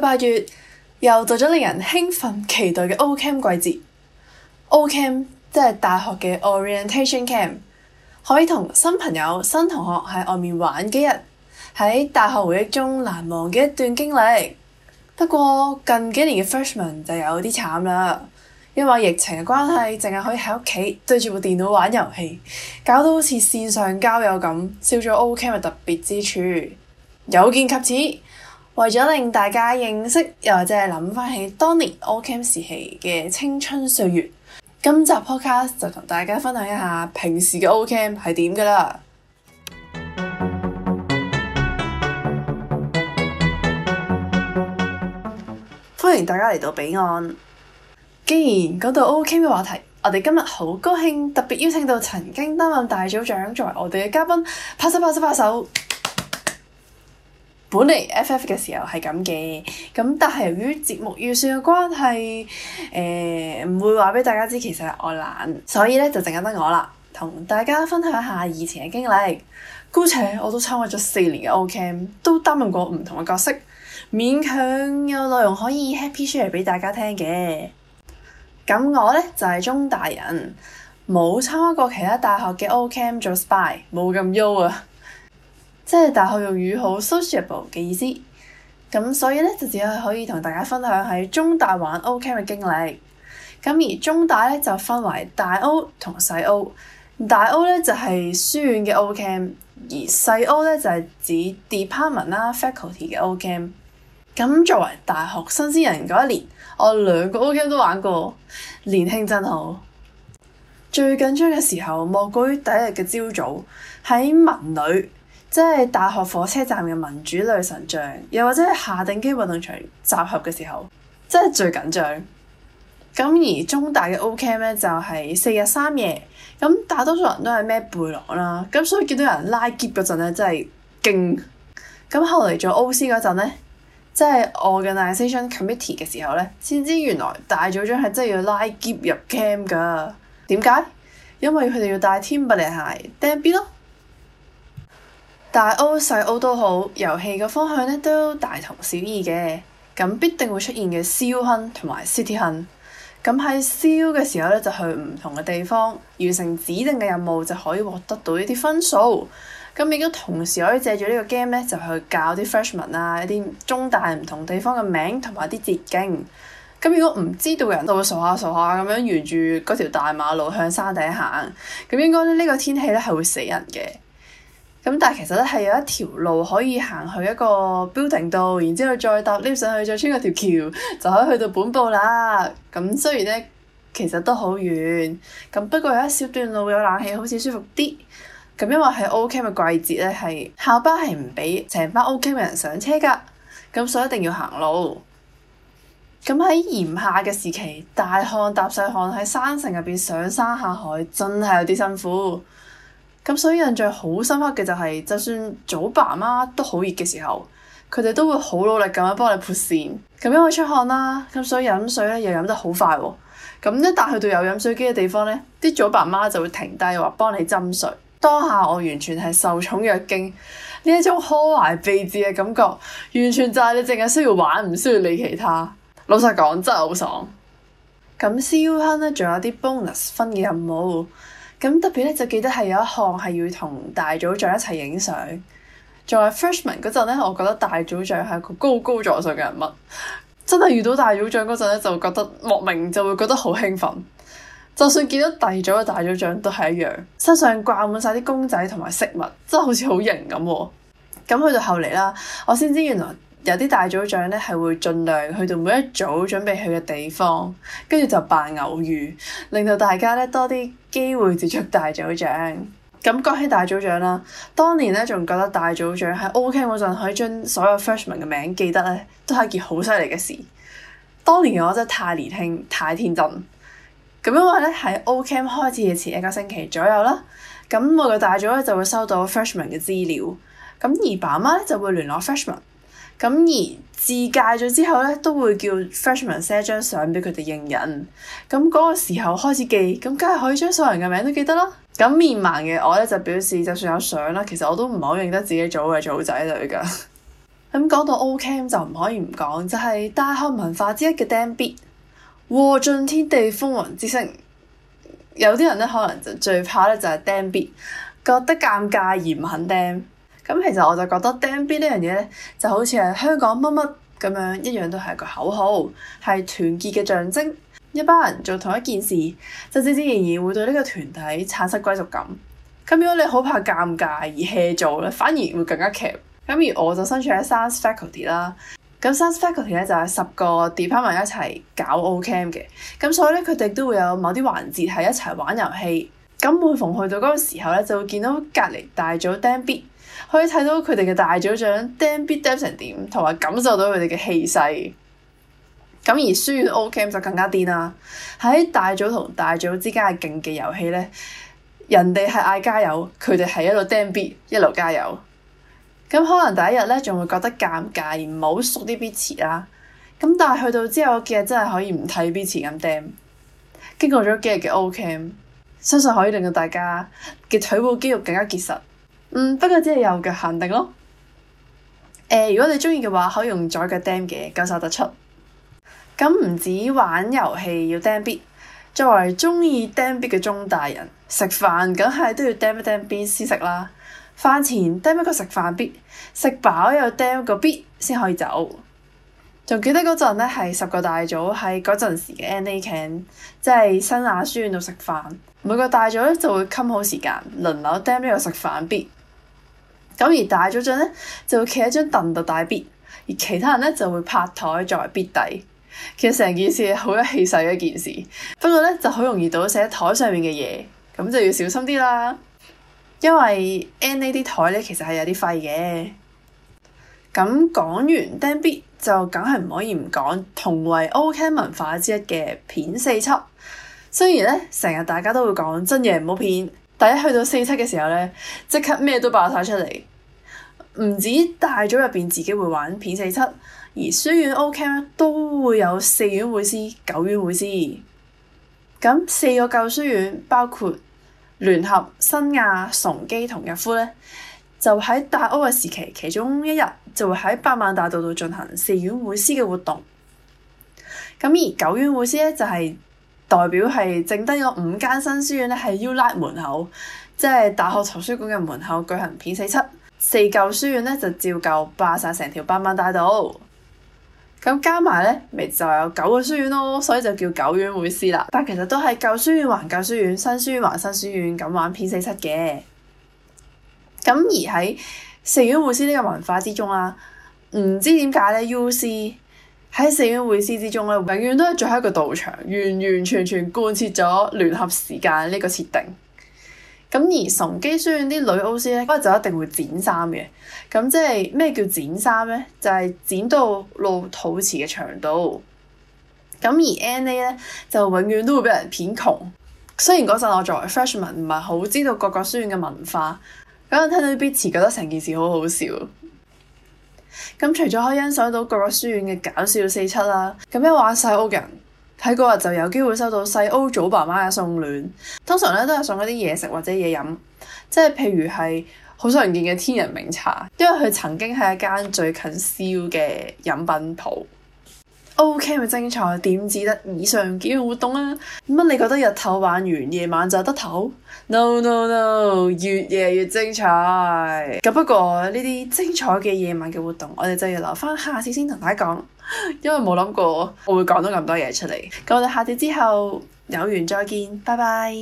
八月 ,8 月又到咗令人興奮期待嘅 O Camp 季節，O Camp 即係大學嘅 Orientation Camp，可以同新朋友、新同學喺外面玩幾日，喺大學回憶中難忘嘅一段經歷。不過近幾年嘅 Freshman 就有啲慘啦，因為疫情嘅關係，淨係可以喺屋企對住部電腦玩遊戲，搞到好似線上交友咁，少咗 O Camp 嘅特別之處，有見及此。為咗令大家認識，又或者係諗翻起當年 Ocamp 時期嘅青春歲月，今集 Podcast 就同大家分享一下平時嘅 Ocamp 係點噶啦！歡迎大家嚟到彼岸。既然講到 Ocamp 嘅話題，我哋今日好高興特別邀請到曾經擔任大組長作為我哋嘅嘉賓，拍手拍手拍手！本嚟 FF 嘅時候係咁嘅，咁但係由於節目預算嘅關係，誒、呃、唔會話俾大家知其實我懶，所以咧就淨係得我啦，同大家分享下以前嘅經歷。姑且我都參加咗四年嘅 Ocamp，都擔任過唔同嘅角色，勉強有內容可以 happy share 俾大家聽嘅。咁我咧就係、是、中大人，冇參加過其他大學嘅 Ocamp 做 spy，冇咁優啊。即係大學用語好 sociable 嘅意思，咁所以咧就只係可以同大家分享喺中大玩 Ocamp 嘅經歷。咁而中大咧就分為大 O 同細 O，大 O 咧就係、是、書院嘅 Ocamp，而細 O 咧就係、是、指 department 啦、faculty 嘅 Ocamp。咁作為大學新鮮人嗰一年，我兩個 Ocamp 都玩過，年輕真好。最緊張嘅時候莫過於第一日嘅朝早喺文女。即係大學火車站嘅民主女神像，又或者係夏鼎基運動場集合嘅時候，真係最緊張。咁而中大嘅 Ocamp 咧就係四日三夜，咁大多數人都係孭背囊啦。咁所以見到有人拉喼嗰陣咧，真係勁。咁後嚟做 OC 嗰陣咧，即係我嘅 orientation committee 嘅時候咧，先知原來大組長係真係要拉喼入 camp 噶。點解？因為佢哋要帶 team binding 嚟，掟邊咯。大 O、細 O 都好，遊戲嘅方向咧都大同小異嘅。咁、嗯、必定會出現嘅 CU Hunt 同埋 City Hunt。咁喺 CU 嘅時候咧，就去唔同嘅地方完成指定嘅任務，就可以獲得到一啲分數。咁亦都同時可以借住呢個 game 咧，就去教啲 freshman 啊一啲中大唔同地方嘅名同埋啲捷徑。咁、嗯嗯、如果唔知道嘅人就會傻下傻下咁樣沿住嗰條大馬路向山頂行。咁、嗯、應該呢、呢個天氣咧係會死人嘅。咁但係其實咧係有一條路可以行去一個 building 度，然之後再搭 lift 上去，再穿過條橋就可以去到本部啦。咁雖然咧其實都好遠，咁不過有一小段路有冷氣，好似舒服啲。咁因為係 Ocamp 嘅季節咧，係校巴係唔俾成班，班 Ocamp 嘅人上車噶，咁所以一定要行路。咁喺炎夏嘅時期，大汗搭細汗喺山城入邊上山下海，真係有啲辛苦。咁所以印象好深刻嘅就係、是，就算組爸媽都好熱嘅時候，佢哋都會好努力咁樣幫你撥扇，咁樣去出汗啦，咁所以飲水咧又飲得好快、哦。咁一旦去到有飲水機嘅地方呢，啲組爸媽就會停低話幫你斟水。當下我完全係受寵若驚，呢一種呵護備至嘅感覺，完全就係你淨係需要玩，唔需要理其他。老實講真係好爽。咁 CU Hunt 呢，仲有啲 bonus 分嘅任務。咁特別咧，就記得係有一項係要同大組長一齊影相。在 freshman 嗰陣咧，我覺得大組長係一個高高在上嘅人物。真係遇到大組長嗰陣咧，就覺得莫名就會覺得好興奮。就算見到第二組嘅大組長都係一樣，身上掛滿晒啲公仔同埋飾物，真係好似好型咁。咁去到後嚟啦，我先知原來。有啲大組長咧，係會盡量去到每一組準備去嘅地方，跟住就扮偶遇，令到大家咧多啲機會接觸大組長。咁講起大組長啦，當年咧仲覺得大組長喺 Ocamp 嗰陣可以將所有 freshman 嘅名記得咧，都係一件好犀利嘅事。當年我真係太年輕太天真。咁因為咧喺 Ocamp 開始嘅前一個星期左右啦，咁每個大組咧就會收到 freshman 嘅資料，咁而爸媽咧就會聯絡 freshman。咁而自介咗之後咧，都會叫 freshman send 張相俾佢哋認人。咁嗰個時候開始記，咁梗係可以將所有人嘅名都記得啦。咁面盲嘅我咧就表示，就算有相啦，其實我都唔係好認得自己組嘅組仔女噶。咁 講到 Ocamp 就唔可以唔講，就係、是、大學文化之一嘅 Dem Beat，鑊盡天地風雲之聲。有啲人咧可能就最怕咧就係 Dem Beat，覺得尷尬而唔肯 Dem。咁其實我就覺得 d a m 釘邊呢樣嘢咧，就好似係香港乜乜咁樣，一樣都係一個口號，係團結嘅象徵。一班人做同一件事，就自甚至然而會對呢個團體產生歸屬感。咁如果你好怕尷尬而 hea 做咧，反而會更加 cam。咁、嗯、而我就身處喺 science faculty 啦，咁 science faculty 咧就係十個 department 一齊搞 O cam 嘅。咁所以咧，佢哋都會有某啲環節係一齊玩遊戲。咁每逢去到嗰個時候咧，就會見到隔離大 m 釘邊。可以睇到佢哋嘅大組長 Dem Beat Dem 成點，同埋感受到佢哋嘅氣勢。咁而輸完 Ocamp 就更加癲啦！喺大組同大組之間嘅競技遊戲咧，人哋係嗌加油，佢哋係一路 Dem Beat 一路加油。咁可能第一日咧仲會覺得尷尬，而唔好熟啲 B 詞啦。咁但係去到之後幾日真係可以唔睇 B 詞咁 Dem。經過咗幾日嘅 Ocamp 相信可以令到大家嘅腿部肌肉更加結實。嗯，不過只係右腳限定咯。誒、呃，如果你中意嘅話，可以用左腳釘嘅，夠手得出。咁唔止玩遊戲要釘 bit，作為中意釘 bit 嘅中大人，食飯梗係都要釘一釘 b 先食啦。飯前釘一個食飯 bit，食飽又釘一個 bit 先可以走。仲記得嗰陣咧，係十個大組喺嗰陣時嘅 NA camp，即係新亞書院度食飯。每個大組咧就會襟好時間，輪流釘一個食飯 bit。咁而大組長咧，就會企喺張凳度大 beat，而其他人咧就會拍台作為必底。其實成件事係好有氣勢嘅一件事，不過咧就好容易倒瀉喺台上面嘅嘢，咁就要小心啲啦。因為 n 呢啲台咧其實係有啲廢嘅。咁、嗯、講完大 beat 就梗係唔可以唔講，同為 O K 文化之一嘅片四七，雖然咧成日大家都會講真嘢唔好片。第一去到四七嘅時候呢，即刻咩都爆晒出嚟，唔止大組入邊自己會玩片四七，7，而書院 O.K. 呢都會有四院會師、九院會師。咁四個舊書院包括聯合、新亞、崇基同逸夫呢，就喺大屋嘅時期，其中一日就會喺百萬大道度進行四院會師嘅活動。咁而九院會師呢，就係、是。代表係剩低咗五間新書院咧，係 Uline 門口，即係大學圖書館嘅門口舉行片四七，四舊書院咧就照舊霸晒成條百萬大道。咁加埋咧，咪就有九個書院咯，所以就叫九院會師啦。但其實都係舊書院還舊書院，新書院還新書院咁玩片四七嘅。咁而喺四院會師呢個文化之中啊，唔知點解咧，U C，UC, 喺四院會師之中咧，永遠都係最後一個到場，完完全全貫徹咗聯合時間呢個設定。咁而崇基書院啲女 O C 咧，嗰日就一定會剪衫嘅。咁即係咩叫剪衫咧？就係、是、剪到露肚臍嘅長度。咁而 N A 咧，就永遠都會俾人片窮。雖然嗰陣我作為 freshman 唔係好知道各個書院嘅文化，嗰陣聽到呢啲詞，覺得成件事好好笑。咁除咗可以欣賞到各個書院嘅搞笑四七啦，咁一玩細屋人喺嗰日，就有機會收到細屋祖爸媽嘅送暖，通常咧都係送嗰啲嘢食，或者嘢飲，即係譬如係好常見嘅天仁茗茶，因為佢曾經係一間最近燒嘅飲品鋪。O.K. 咪精彩，點止得以上幾個活動啊？乜你覺得日頭玩完，夜晚就得唞？No No No，越夜越精彩。咁不過呢啲精彩嘅夜晚嘅活動，我哋就要留翻下，下次先同大家講，因為冇諗過我會講到咁多嘢出嚟。咁我哋下次之後有緣再見，拜拜。